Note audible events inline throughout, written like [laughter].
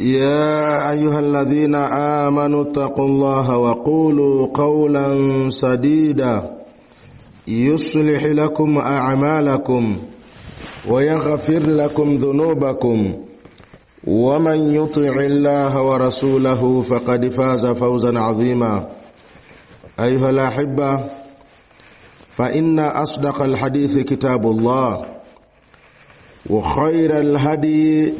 يا أيها الذين آمنوا اتقوا الله وقولوا قولا سديدا يصلح لكم أعمالكم ويغفر لكم ذنوبكم ومن يطع الله ورسوله فقد فاز فوزا عظيما أيها الأحبة فإن أصدق الحديث كتاب الله وخير الهدي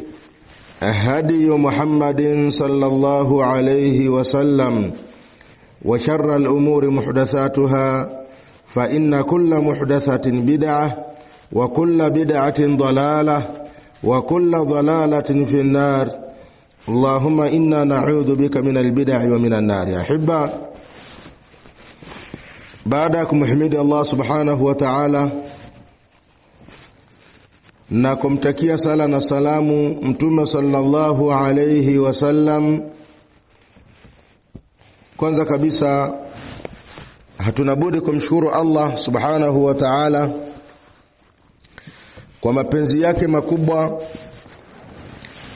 هدي محمد صلى الله عليه وسلم وشر الأمور محدثاتها فإن كل محدثة بدعة وكل بدعة ضلالة وكل ضلالة في النار اللهم إنا نعوذ بك من البدع ومن النار يا أحبة بعدكم محمد الله سبحانه وتعالى na kumtakia sala na salamu mtume sallallahu alayhi wasallam. Kwanza kabisa hatuna budi kumshukuru Allah subhanahu wa ta'ala kwa mapenzi yake makubwa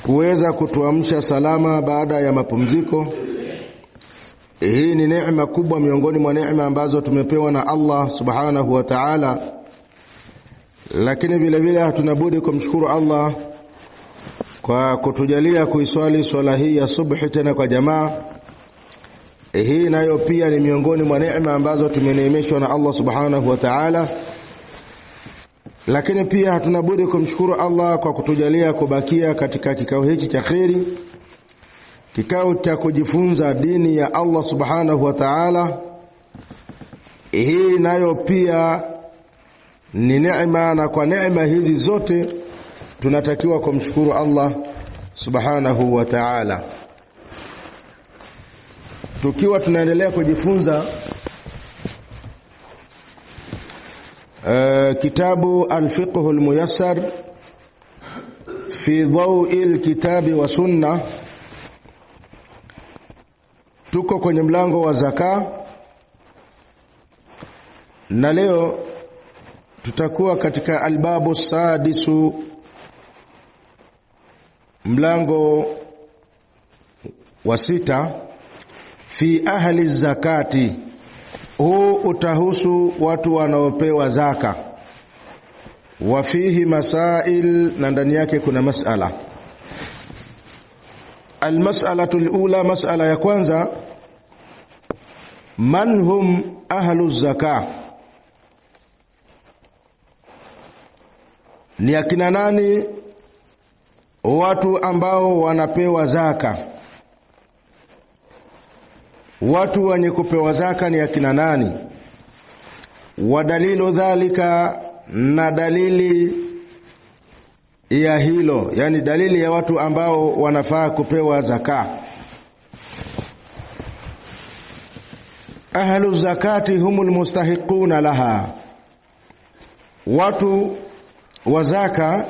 kuweza kutuamsha salama baada ya mapumziko. Hii ni neema kubwa miongoni mwa neema ambazo tumepewa na Allah subhanahu wa ta'ala lakini vile vile hatunabudi kumshukuru Allah kwa kutujalia kuiswali swala hii ya subhi tena kwa jamaa. Eh, hii nayo pia ni miongoni mwa neema ambazo tumeneemeshwa na Allah subhanahu wa ta'ala. Lakini pia hatuna budi kumshukuru Allah kwa kutujalia kubakia katika kikao hiki cha kheri, kikao cha kujifunza dini ya Allah subhanahu wa ta'ala. Eh, hii nayo pia ni neema, na kwa neema hizi zote tunatakiwa kumshukuru Allah subhanahu wa ta'ala. Tukiwa tunaendelea kujifunza uh, kitabu Al-Fiqhu Al-Muyassar fi dhawi al-kitabi wa sunna, tuko kwenye mlango wa zaka na leo tutakuwa katika albabu sadisu mlango wa sita fi ahli zakati huu utahusu watu wanaopewa zaka wa fihi masail na ndani yake kuna masala almas'alatu alula masala ya kwanza man hum ahlu zakati ni akina nani? Watu ambao wanapewa zaka. Watu wenye kupewa zaka ni akina nani? dalilu dhalika, na dalili ya hilo, yani dalili ya watu ambao wanafaa kupewa zaka. Ahlu zakati humul mustahiquna laha, watu wa zaka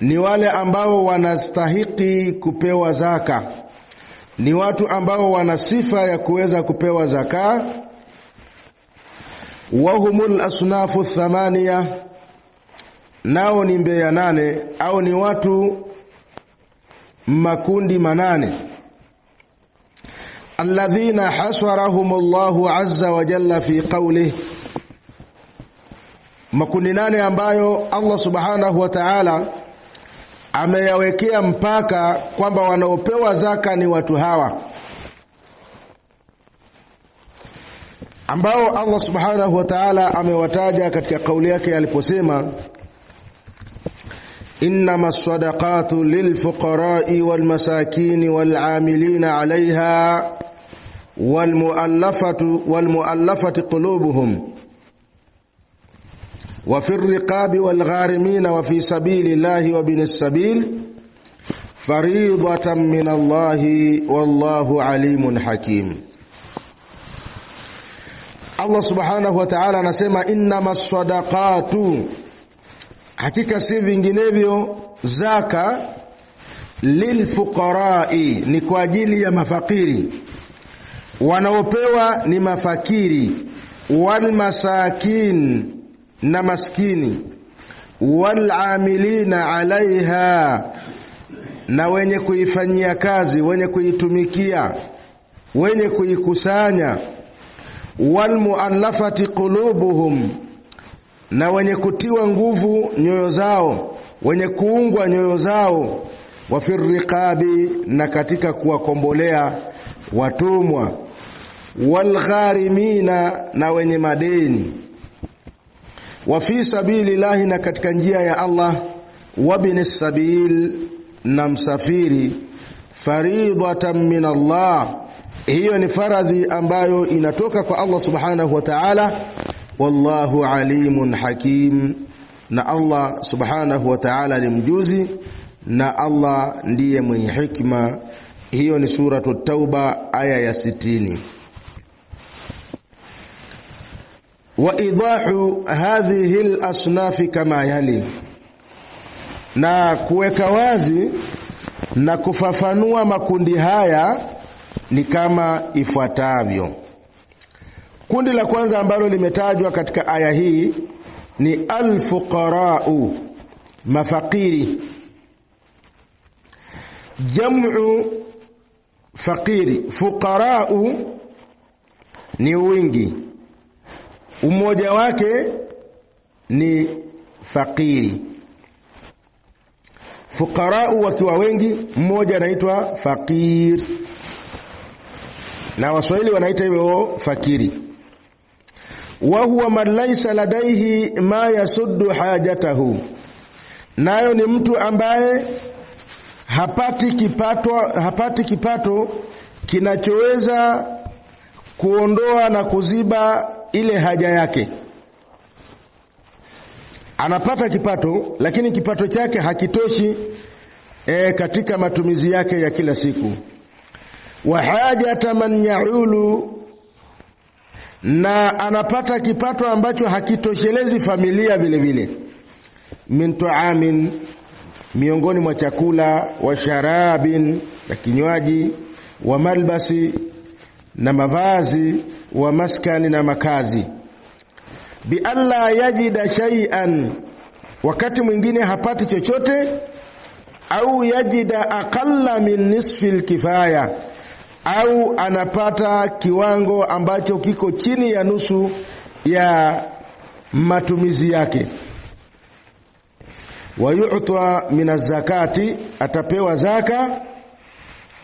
ni wale ambao wanastahiki kupewa zaka, ni watu ambao wana sifa ya kuweza kupewa zaka. Wahumul asnafu thamania, nao ni mbeya nane au ni watu makundi manane alladhina hasarahum Allahu azza wa jalla fi qawlihi makundi nane ambayo Allah subhanahu wa ta'ala ameyawekea mpaka kwamba wanaopewa zaka ni watu hawa ambao Allah subhanahu wa ta'ala amewataja katika kauli yake aliposema innama sadaqatu lilfuqarai walmasakini walamilina alaiha walmuallafati qulubuhum وفي الرقاب والغارمين وفي سبيل الله وابن السبيل فريضة من الله والله عليم حكيم Allah subhanahu wa ta'ala anasema innama sadaqatu, hakika si vinginevyo zaka, lilfuqarai, ni kwa ajili ya mafakiri. Wanaopewa ni mafakiri, walmasakin na maskini, walamilina alaiha, na wenye kuifanyia kazi, wenye kuitumikia, wenye kuikusanya, walmuallafati qulubuhum, na wenye kutiwa nguvu nyoyo zao, wenye kuungwa nyoyo zao, wa firriqabi, na katika kuwakombolea watumwa, walgharimina, na wenye madeni wa fi sabilillahi, na katika njia ya Allah, wa bin sabil, na msafiri, faridatan min Allah, hiyo ni faradhi ambayo inatoka kwa Allah subhanahu wa ta'ala. Wallahu alimun hakim, na Allah subhanahu wa ta'ala ni mjuzi na Allah ndiye mwenye hikma. Hiyo ni Suratu Tauba aya ya sitini. waidahu hadhihi lasnafi kama yali, na kuweka wazi na kufafanua makundi haya ni kama ifuatavyo. Kundi la kwanza ambalo limetajwa katika aya hii ni alfuqarau, mafakiri. Jamu fakiri, fuqarau ni wingi Umoja wake ni fakiri, fukarau wakiwa wengi, mmoja anaitwa fakir, na Waswahili wanaita hivyo fakiri. Wa huwa man laisa ladaihi ma yasuddu hajatahu, nayo ni mtu ambaye hapati kipato, hapati kipato kinachoweza kuondoa na kuziba ile haja yake, anapata kipato, lakini kipato chake hakitoshi e, katika matumizi yake ya kila siku. wa hajata man yaulu, na anapata kipato ambacho hakitoshelezi familia vile vile, min taamin, miongoni mwa chakula, wa sharabin, na kinywaji, wa malbasi na mavazi wa maskani na makazi. Bi alla yajida shay'an, wakati mwingine hapati chochote, au yajida aqalla min nisfi lkifaya, au anapata kiwango ambacho kiko chini ya nusu ya matumizi yake. Wayutwa min azakati, atapewa zaka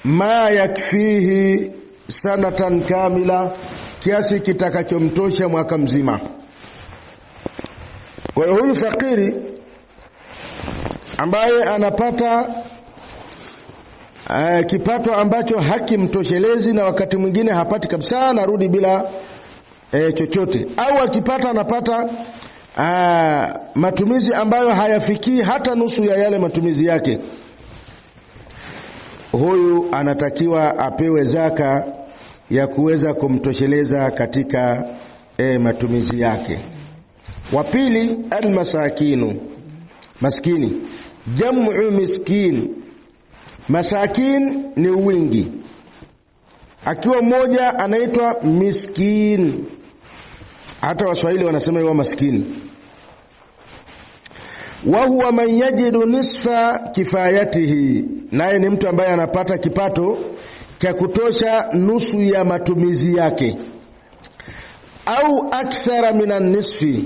ma yakfihi sanatan kamila, kiasi kitakachomtosha mwaka mzima. Kwa hiyo huyu fakiri ambaye anapata uh, kipato ambacho hakimtoshelezi na wakati mwingine hapati kabisa, anarudi bila uh, chochote, au akipata anapata uh, matumizi ambayo hayafikii hata nusu ya yale matumizi yake, huyu anatakiwa apewe zaka ya kuweza kumtosheleza katika e, matumizi yake. Wa pili, almasakinu, maskini. Jamu miskin, masakin ni wingi. Akiwa mmoja anaitwa miskin. Hata Waswahili wanasema yuwa maskini. Wa huwa man yajidu nisfa kifayatihi, naye ni mtu ambaye anapata kipato cha kutosha nusu ya matumizi yake au akthara minan nisfi,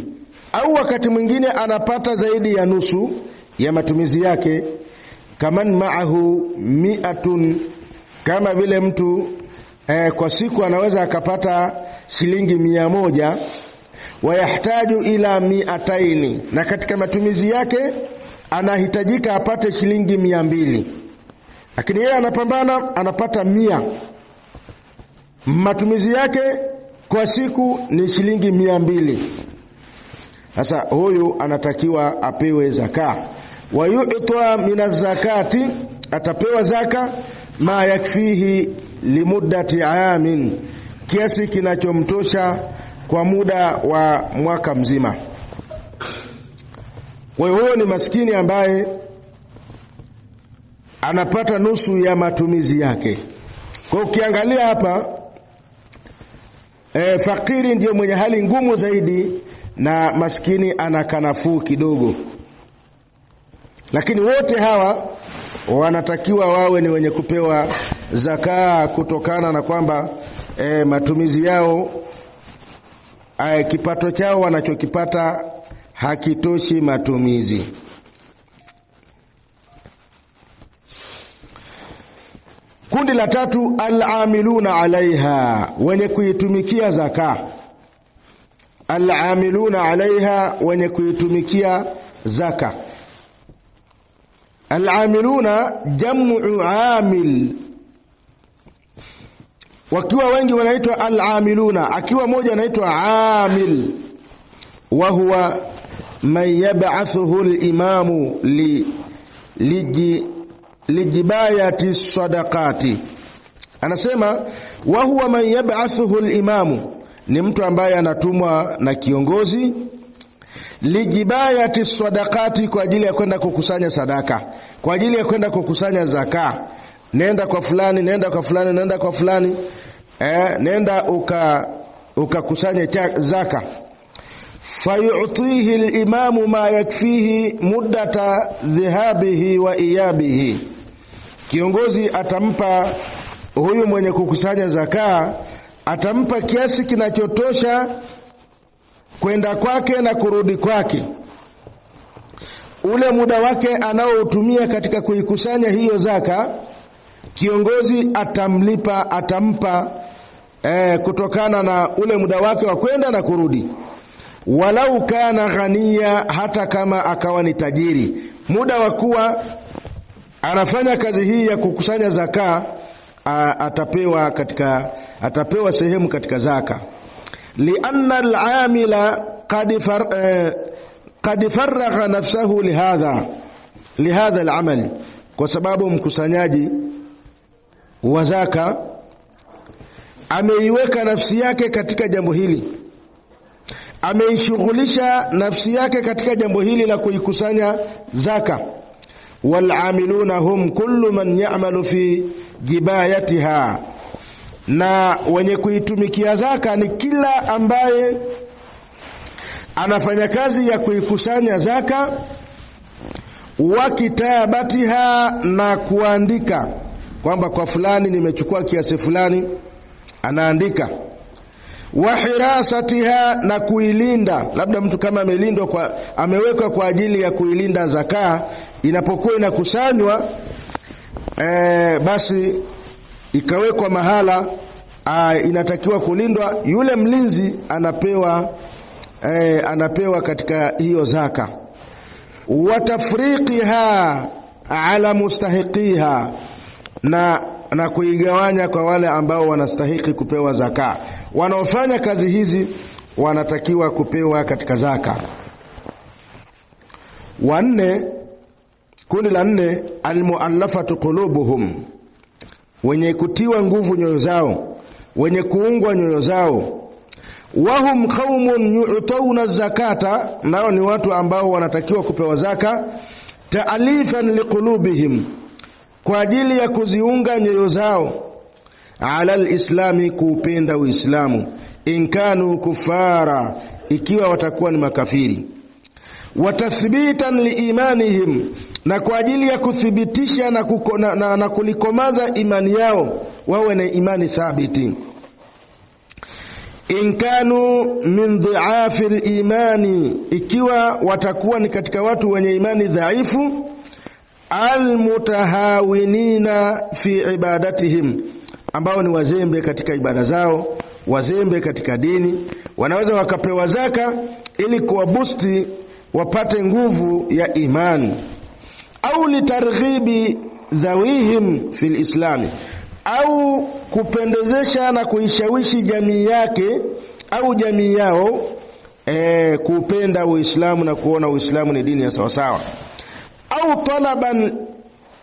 au wakati mwingine anapata zaidi ya nusu ya matumizi yake. Kaman maahu miatun, kama vile mtu eh, kwa siku anaweza akapata shilingi mia moja wayahtaju ila miataini, na katika matumizi yake anahitajika apate shilingi mia mbili lakini yeye anapambana, anapata mia. Matumizi yake kwa siku ni shilingi mia mbili. Sasa huyu anatakiwa apewe zaka, wayutwa min zakati, atapewa zaka ma yakfihi limuddati amin, kiasi kinachomtosha kwa muda wa mwaka mzima. Kwa hiyo huyo ni maskini ambaye anapata nusu ya matumizi yake. Kwa ukiangalia hapa e, fakiri ndiyo mwenye hali ngumu zaidi na maskini ana kanafuu kidogo, lakini wote hawa wanatakiwa wawe ni wenye kupewa zakaa kutokana na kwamba e, matumizi yao e, kipato chao wanachokipata hakitoshi matumizi. Kundi la tatu, alamiluna alaiha, wenye kuitumikia zaka. Alamiluna alaiha, wenye kuitumikia zaka. Alamiluna jamu amil, wakiwa wengi wanaitwa alamiluna, akiwa moja anaitwa amil. Wa huwa man yab'athuhu limamu li, liji lijibayati sadaqati, anasema wa huwa man yab'athuhu al-imamu, ni mtu ambaye anatumwa na kiongozi lijibayati sadakati, kwa ajili ya kwenda kukusanya sadaka, kwa ajili ya kwenda kukusanya zaka. Nenda kwa fulani, nenda kwa fulani, nenda kwa fulani eh, nenda uka ukakusanya zaka. Fayutihi limamu ma yakfihi muddata dhahabihi wa iyabihi Kiongozi atampa huyu mwenye kukusanya zakaa, atampa kiasi kinachotosha kwenda kwake na kurudi kwake. Ule muda wake anaoutumia katika kuikusanya hiyo zaka, kiongozi atamlipa, atampa eh, kutokana na ule muda wake wa kwenda na kurudi. Walau kana ghania hata kama akawa ni tajiri, muda wa kuwa anafanya kazi hii ya kukusanya zaka a, atapewa katika atapewa sehemu katika zaka lianna alamila qad far, eh, qad faragha nafsahu lihadha lihadha alamal kwa sababu mkusanyaji wa zaka ameiweka nafsi yake katika jambo hili ameishughulisha nafsi yake katika jambo hili la kuikusanya zaka walamiluna hum kullu man ya'malu fi jibayatiha, na wenye kuitumikia zaka ni kila ambaye anafanya kazi ya kuikusanya zaka, wa kitabatiha, na kuandika kwamba kwa fulani nimechukua kiasi fulani, anaandika wa hirasatiha, na kuilinda. Labda mtu kama amelindwa kwa, amewekwa kwa ajili ya kuilinda zakaa inapokuwa inakusanywa, e, basi ikawekwa mahala a, inatakiwa kulindwa, yule mlinzi anapewa e, anapewa katika hiyo zaka. Watafriqiha ala mustahiqiha, na na kuigawanya kwa wale ambao wanastahiki kupewa zaka. Wanaofanya kazi hizi wanatakiwa kupewa katika zaka. Wanne, kundi la nne, almuallafatu qulubuhum, wenye kutiwa nguvu nyoyo zao, wenye kuungwa nyoyo zao. Wahum qaumun yu'tauna zakata, nao ni watu ambao wanatakiwa kupewa zaka. Taalifan liqulubihim kwa ajili ya kuziunga nyoyo zao ala lislami kuupenda uislamu inkanu kufara ikiwa watakuwa ni makafiri watathbitan liimanihim na kwa ajili ya kuthibitisha na, kuko, na, na, na kulikomaza imani yao wawe na imani thabiti inkanu min dhiafi limani ikiwa watakuwa ni katika watu wenye imani dhaifu almutahawinina fi ibadatihim, ambao ni wazembe katika ibada zao, wazembe katika dini. Wanaweza wakapewa zaka ili kuwabusti wapate nguvu ya imani, au litarghibi dhawihim fi lislami au kupendezesha na kuishawishi jamii yake au jamii yao e, kuupenda Uislamu na kuona Uislamu ni dini ya sawasawa au talaban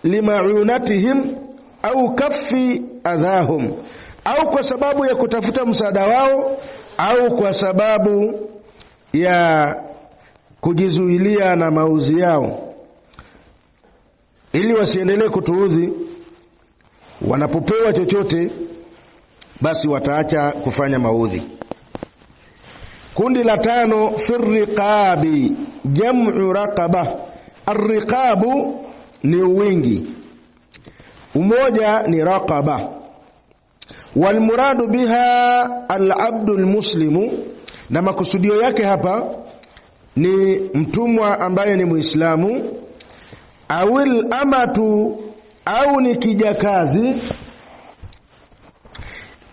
limaunatihim au kafi adhahum, au kwa sababu ya kutafuta msaada wao au kwa sababu ya kujizuilia na mauzi yao, ili wasiendelee kutuudhi. Wanapopewa chochote, basi wataacha kufanya maudhi. Kundi la tano, fi jam'u raqaba Arriqabu ni wingi, umoja ni raqaba. Walmuradu biha alabdu lmuslimu, na makusudio yake hapa ni mtumwa ambaye ni Muislamu, awil amatu au ni kijakazi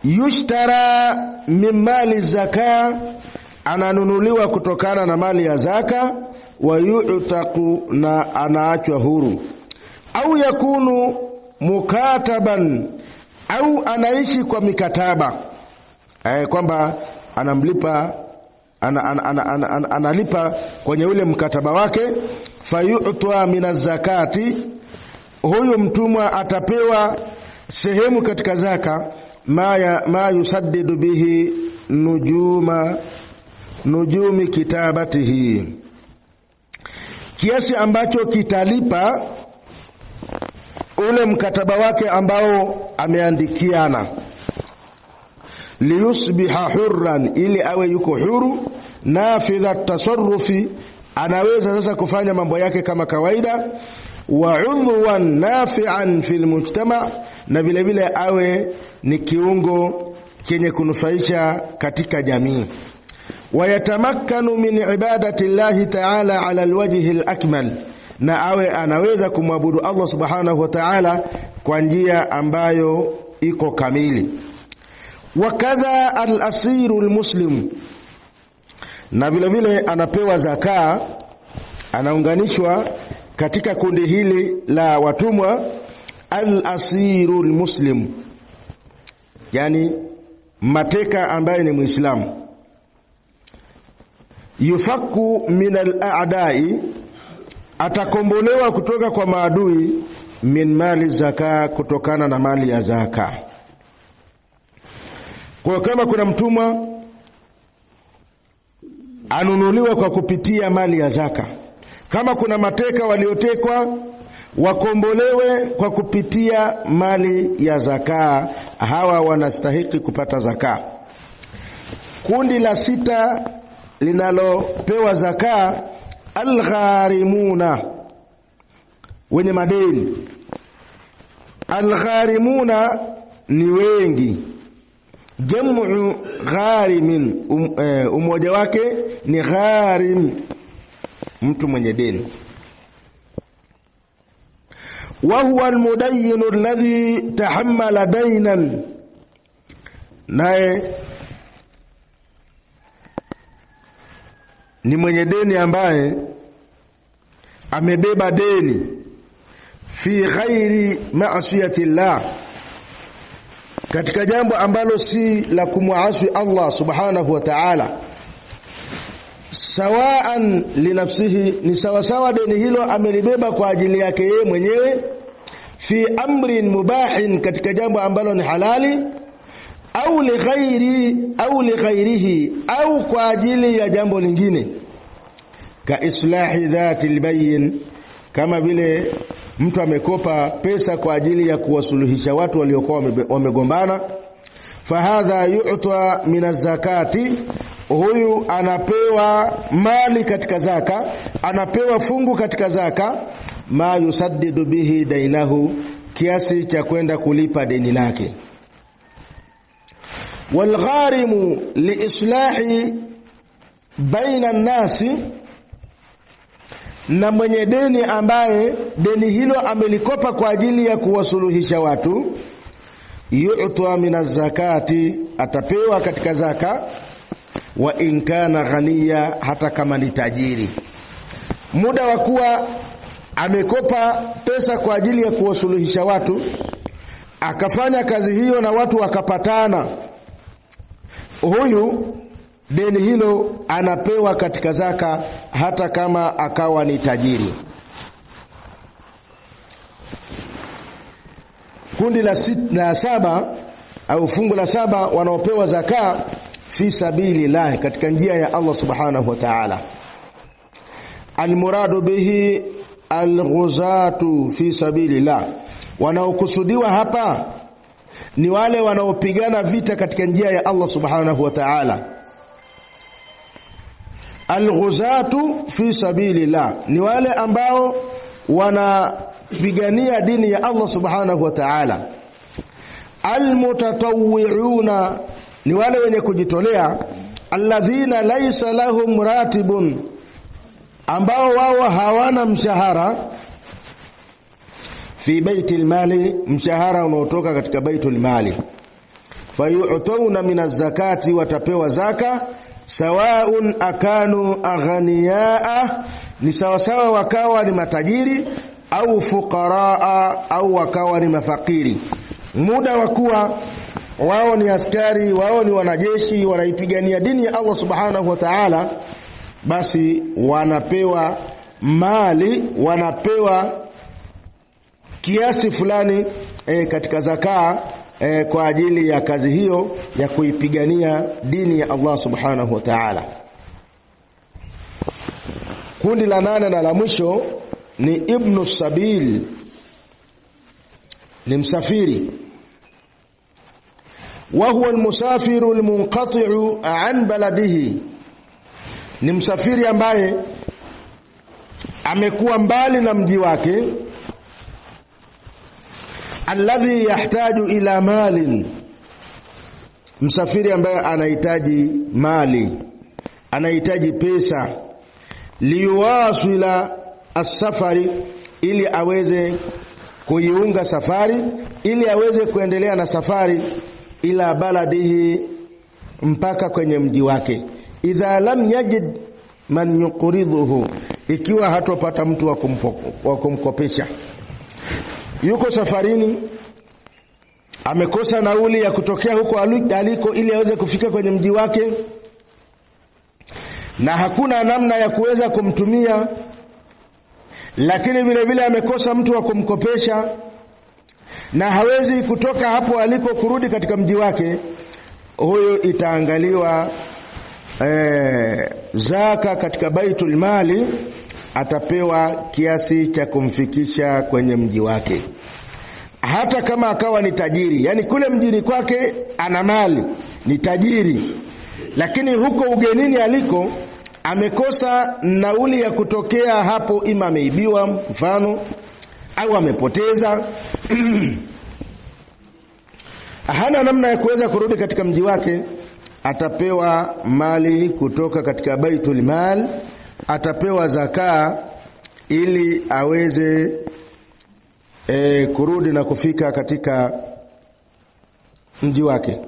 yushtara min mali zaka ananunuliwa kutokana na mali ya zaka, wa yutaku na anaachwa huru, au yakunu mukataban, au anaishi kwa mikataba e, kwamba anamlipa ana, ana, ana, ana, ana, analipa kwenye ule mkataba wake. Fayutwa mina zakati, huyu mtumwa atapewa sehemu katika zaka, ma, ma yusaddidu bihi nujuma nujumi kitabatihi, kiasi ambacho kitalipa ule mkataba wake ambao ameandikiana. Liyusbiha hurran, ili awe yuko huru. Nafidha tasarufi, anaweza sasa kufanya mambo yake kama kawaida. Wa udhwan nafian fi lmujtama, na vilevile awe ni kiungo chenye kunufaisha katika jamii wayatamakkanu min ibadati llahi taala ala lwajhi alakmal, na awe anaweza kumwabudu Allah subhanahu wa taala kwa njia ambayo iko kamili. Wakadha alasiru lmuslimu, na vile vile anapewa zakaa, anaunganishwa katika kundi hili la watumwa alasiru lmuslimu, yani mateka ambaye ni Muislamu yufaku min aladai, atakombolewa kutoka kwa maadui, min mali zaka, kutokana na mali ya zaka. Kwa kama kuna mtumwa anunuliwa kwa kupitia mali ya zaka, kama kuna mateka waliotekwa wakombolewe kwa kupitia mali ya zakaa. Hawa wanastahiki kupata zakaa. Kundi la sita linalopewa zaka algharimuna, wenye madeni. Algharimuna ni wengi, jamu gharimin, um, eh, umoja wake ni gharim, mtu mwenye deni wa huwa almudayyinu alladhi tahammala daynan, naye ni mwenye deni ambaye amebeba deni fi ghairi maasiyati llah, katika jambo ambalo si la kumwasi Allah subhanahu wa ta'ala. Sawaan linafsihi, ni sawasawa deni hilo amelibeba kwa ajili yake yeye mwenyewe. Fi amrin mubahin, katika jambo ambalo ni halali au lighairi au lighairihi au kwa ajili ya jambo lingine ka islahi dhati lbayin, kama vile mtu amekopa pesa kwa ajili ya kuwasuluhisha watu waliokuwa wamegombana. Fahadha yu'ta min zakati, huyu anapewa mali katika zaka, anapewa fungu katika zaka. Ma yusaddidu bihi dainahu, kiasi cha kwenda kulipa deni lake. والغارم liislahi baina nnasi, na mwenye deni ambaye deni hilo amelikopa kwa ajili ya kuwasuluhisha watu, yu'ta min zakati, atapewa katika zaka. Wa in kana ghaniya, hata kama ni tajiri. Muda wa kuwa amekopa pesa kwa ajili ya kuwasuluhisha watu, akafanya kazi hiyo na watu wakapatana huyu deni hilo anapewa katika zaka, hata kama akawa ni tajiri. Kundi la, sit, la saba au fungu la saba wanaopewa zaka fi lahi, katika njia ya Allah subhanahu wa ta'ala. Almuradu bihi alghuzatu fi sabilillah, wanaokusudiwa hapa ni wale wanaopigana vita katika njia ya Allah subhanahu wa ta'ala. Alghuzatu fi sabilillah ni wale ambao wanapigania dini ya Allah subhanahu wa ta'ala. Almutatawwi'una ni wale wenye kujitolea, alladhina laysa lahum ratibun, ambao wao hawana mshahara fi baiti almali mshahara unaotoka katika baitul mali. fayu'tawna min az-zakati watapewa zaka. Sawaun akanu aghniyaa, ni sawasawa wakawa ni matajiri au fuqaraa, au wakawa ni mafakiri. Muda wa kuwa wao ni askari, wao ni wanajeshi, wanaipigania dini ya Allah subhanahu wa ta'ala, basi wanapewa mali, wanapewa kiasi fulani e, katika zakaa e, kwa ajili ya kazi hiyo ya kuipigania dini ya Allah subhanahu wa ta'ala. Kundi la nane na la mwisho ni ibnu sabil, ni msafiri wa huwa almusafiru almunqati'u an baladihi, ni msafiri ambaye amekuwa mbali na mji wake alladhi yahtaju ila malin, msafiri ambaye anahitaji mali, anahitaji pesa. liwasila asafari, ili aweze kuiunga safari, ili aweze kuendelea na safari. Ila baladihi, mpaka kwenye mji wake. Idha lam yajid man yuqriduhu, ikiwa hatopata mtu wa kumkopesha yuko safarini, amekosa nauli ya kutokea huko aliko ili aweze kufika kwenye mji wake, na hakuna namna ya kuweza kumtumia, lakini vile vile amekosa mtu wa kumkopesha na hawezi kutoka hapo aliko kurudi katika mji wake, huyo itaangaliwa eh, zaka katika baitul mali atapewa kiasi cha kumfikisha kwenye mji wake, hata kama akawa ni tajiri. Yaani kule mjini kwake ana mali, ni tajiri, lakini huko ugenini aliko amekosa nauli ya kutokea hapo, ima ameibiwa mfano au amepoteza [clears throat] hana namna ya kuweza kurudi katika mji wake, atapewa mali kutoka katika baitul mal atapewa zakaa ili aweze e, kurudi na kufika katika mji wake.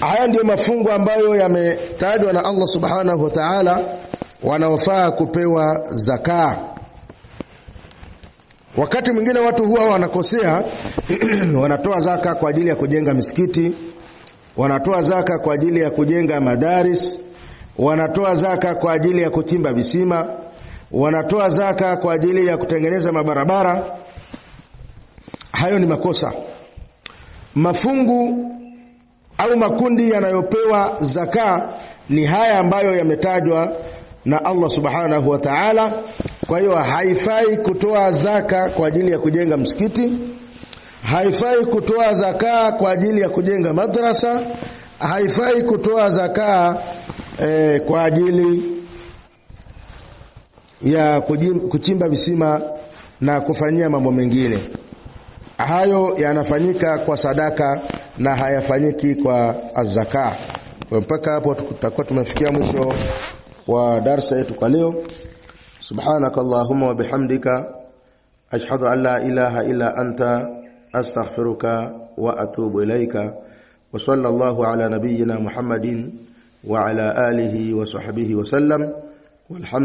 Haya ndiyo mafungo ambayo yametajwa na Allah subhanahu wa ta'ala wanaofaa kupewa zakaa. Wakati mwingine watu huwa wanakosea [clears throat] wanatoa zaka kwa ajili ya kujenga misikiti, wanatoa zaka kwa ajili ya kujenga madaris, wanatoa zaka kwa ajili ya kuchimba visima, wanatoa zaka kwa ajili ya kutengeneza mabarabara. Hayo ni makosa. Mafungu au makundi yanayopewa zaka ni haya ambayo yametajwa na Allah subhanahu wa ta'ala. Kwa hiyo haifai kutoa zaka kwa ajili ya kujenga msikiti, haifai kutoa zaka kwa ajili ya kujenga madrasa, haifai kutoa zaka e, kwa ajili ya kuchimba visima na kufanyia mambo mengine. Hayo yanafanyika kwa sadaka na hayafanyiki kwa azaka. Kwa mpaka hapo tutakuwa tumefikia mwisho wa darsa yetu kwa leo. Subhanaka Allahumma wa bihamdika ashhadu an la ilaha illa anta astaghfiruka wa atubu ilaika wa sallallahu ala nabiyyina Muhammadin وعلى آله وصحبه وسلم والحمد